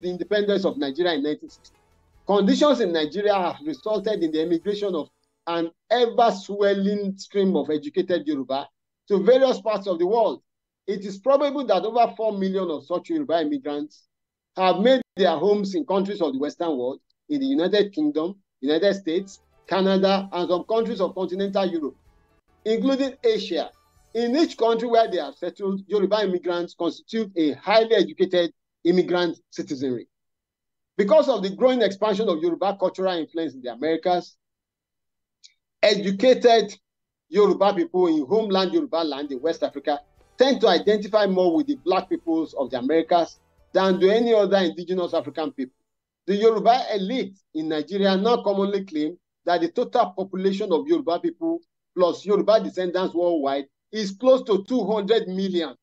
the independence of Nigeria in 1960. Conditions in Nigeria have resulted in the emigration of an ever swelling stream of educated Yoruba to various parts of the world. It is probable that over 4 million of such Yoruba immigrants have made their homes in countries of the Western world, in the United Kingdom, United States, Canada, and some countries of continental Europe, including Asia. In each country where they have settled, Yoruba immigrants constitute a highly educated immigrant citizenry. Because of the growing expansion of Yoruba cultural influence in the Americas, educated Yoruba people in homeland Yoruba land in West Africa tend to identify more with the black peoples of the Americas than do any other indigenous African people. The Yoruba elite in Nigeria now commonly claim that the total population of Yoruba people plus Yoruba descendants worldwide is close to 200 million.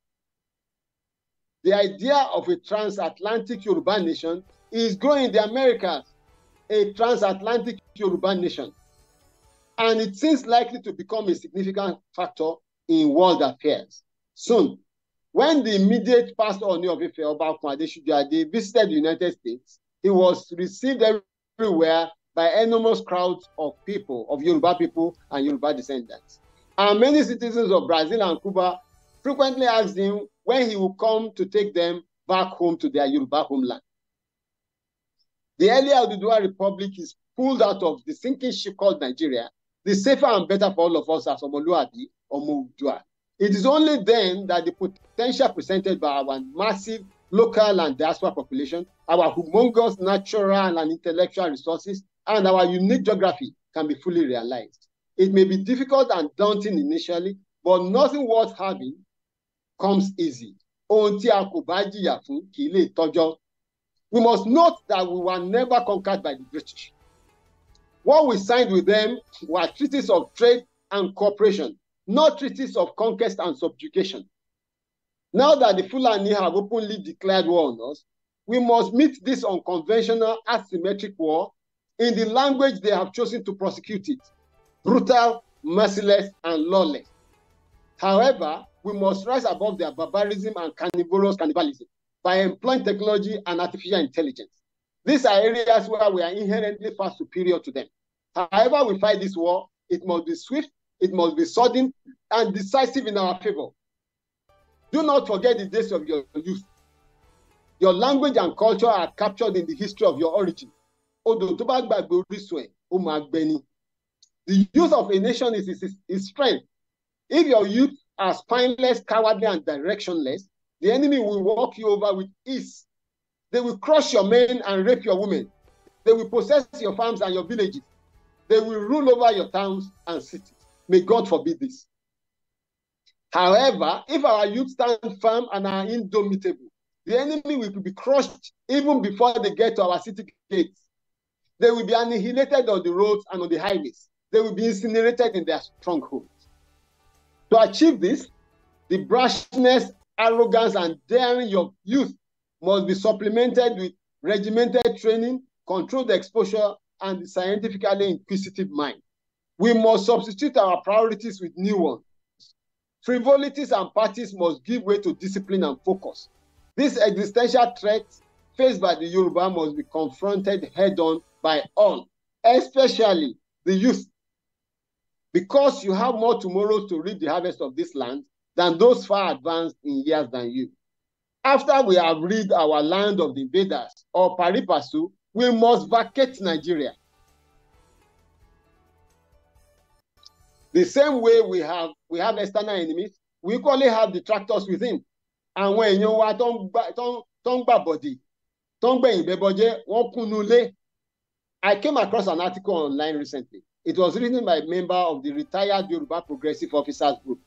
The idea of a transatlantic Yoruba nation is growing in the Americas, a transatlantic Yoruba nation. And it seems likely to become a significant factor in world affairs soon. When the immediate pastor on of Ife, Oba Adeshuja, visited the United States, he was received everywhere by enormous crowds of people, of Yoruba people and Yoruba descendants. And many citizens of Brazil and Cuba frequently asked him when he will come to take them back home to their Yoruba homeland. The earlier the Republic is pulled out of the sinking ship called Nigeria, the safer and better for all of us as Omoluabi Omo Mudua. It is only then that the potential presented by our massive local and diaspora population, our humongous natural and intellectual resources, and our unique geography can be fully realized. It may be difficult and daunting initially, but nothing worth having comes easy a we must note that we were never conquered by the British what we signed with them were treaties of trade and cooperation not treaties of conquest and subjugation now that the Fulani have openly declared war on us we must meet this unconventional asymmetric war in the language they have chosen to prosecute it brutal merciless and lawless however we must rise above their barbarism and carnivorous cannibalism by employing technology and artificial intelligence. These are areas where we are inherently far superior to them. However, we fight this war, it must be swift, it must be sudden, and decisive in our favor. Do not forget the days of your youth. Your language and culture are captured in the history of your origin. Odò tó bá gbàgbé orísun ẹ̀, ó máa gbẹ The youth of a nation is its strength. If your youth are spineless, cowardly, and directionless, the enemy will walk you over with ease. They will crush your men and rape your women. They will possess your farms and your villages. They will rule over your towns and cities. May God forbid this. However, if our youth stand firm and are indomitable, the enemy will be crushed even before they get to our city gates. They will be annihilated on the roads and on the highways. They will be incinerated in their stronghold. To achieve this, the brashness, arrogance, and daring of youth must be supplemented with regimented training, controlled exposure, and the scientifically inquisitive mind. We must substitute our priorities with new ones. Frivolities and parties must give way to discipline and focus. This existential threat faced by the Yoruba must be confronted head on by all, especially the youth because you have more tomorrows to reap the harvest of this land than those far advanced in years than you. After we have rid our land of the invaders or paripasu, we must vacate Nigeria. The same way we have we have external enemies, we equally have detractors within. And when you know what gbàbọ̀dì tó ń I came across an article online recently it was written by a member of the retired Yoruba Progressive Officers Group.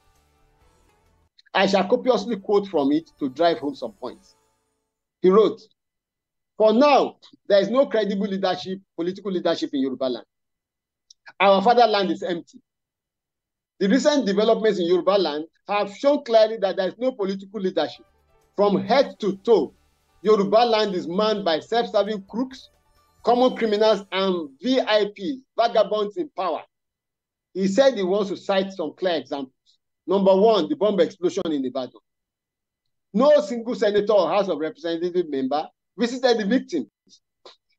I shall copiously quote from it to drive home some points. He wrote, For now, there is no credible leadership, political leadership in Yoruba land. Our fatherland is empty. The recent developments in Yoruba land have shown clearly that there is no political leadership. From head to toe, Yoruba land is manned by self-serving crooks common criminals and VIPs, vagabonds in power. He said he wants to cite some clear examples. Number one, the bomb explosion in Ibadan. No single senator or House of Representative member visited the victims.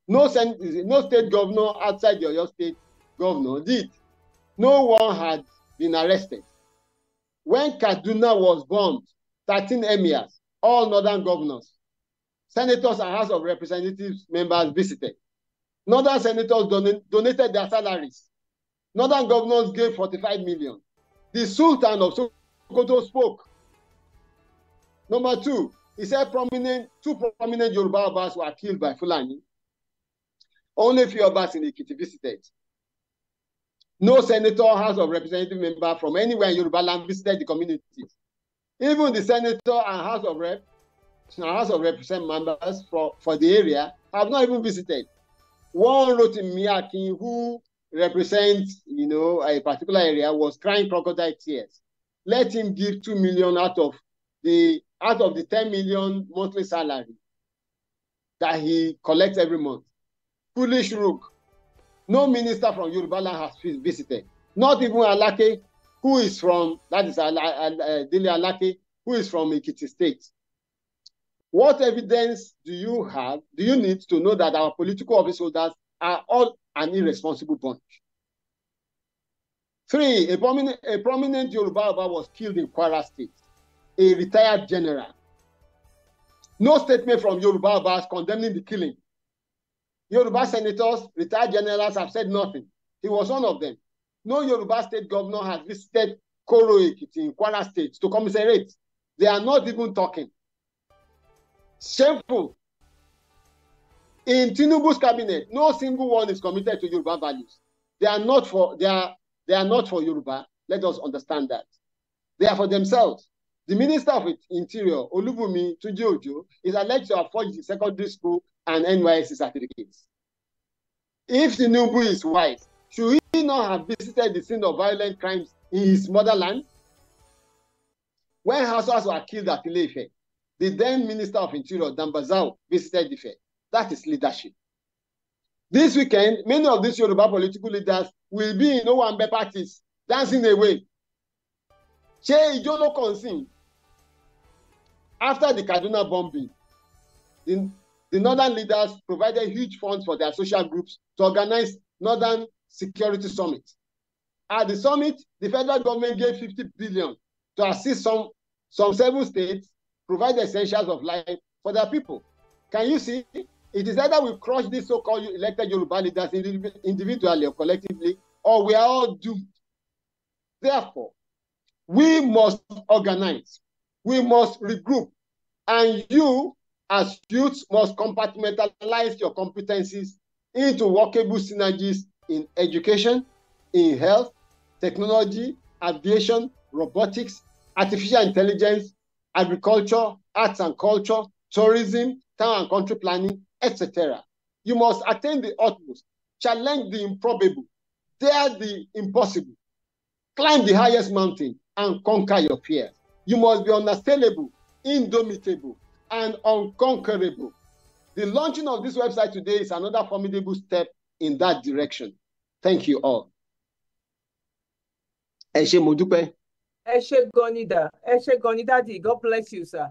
No, sen- no state governor outside the Oyo state governor did. No one had been arrested. When Kaduna was bombed, 13 emirs, all northern governors, senators and House of Representatives members visited. Northern senators donated their salaries. Northern governors gave 45 million. The Sultan of Sokoto spoke. Number two, he said prominent, two prominent Yoruba Abbas were killed by Fulani. Only few Abbas in Ikiti visited. No senator, House of Representative member from anywhere in Yoruba land visited the communities. Even the senator and House of Rep, House of Representative members for, for the area have not even visited. One Rotimi who represents, you know, a particular area was crying crocodile tears. Let him give 2 million out of the out of the 10 million monthly salary that he collects every month. Foolish rook. No minister from Yoruba has visited. Not even Alake, who is from, that is Al Al Al uh, Alake, who is from Ikiti State. What evidence do you have? Do you need to know that our political office holders are all an irresponsible bunch? Three, a prominent, a prominent Yoruba was killed in Kwara State, a retired general. No statement from Yoruba condemning the killing. Yoruba senators, retired generals have said nothing. He was one of them. No Yoruba state governor has visited Koro Ekiti in Kwara State to commiserate. They are not even talking. Shameful. In Tinubu's cabinet, no single one is committed to Yoruba values. They are not for they are they are not for Yoruba. Let us understand that. They are for themselves. The Minister of Interior, Olubumi Tujiojo, is alleged to have forged the secondary school and NYSC certificates. If Tinubu is wise, should he not have visited the scene of violent crimes in his motherland? When households were killed at Ileife, The then Minister of Interior, Dan Bazao, visited fair. That is leadership. This weekend, many of these Yoruba political leaders will be in Owambe parties, dancing away. Che, ijó ló kàn After the Kaduna bombing, the, the northern leaders provided huge funds for their social groups to organize Northern Security Summit. At the summit, the federal government gave 50 billion to assist some, some seven states provide the essentials of life for their people. Can you see? It is either we crush these so-called elected Yoruba leaders individually or collectively, or we are all doomed. Therefore, we must organize, we must regroup, and you, as youths, must compartmentalize your competencies into workable synergies in education, in health, technology, aviation, robotics, artificial intelligence, agriculture, arts and culture, tourism, town and country planning, etc. You must attain the utmost, challenge the improbable, dare the impossible, climb the highest mountain, and conquer your fears. You must be unassailable, indomitable, and unconquerable. The launching of this website today is another formidable step in that direction. Thank you all. Ẹ ẹ ṣé gan ni dà ẹ ṣé gan ni dádì god bless you sir.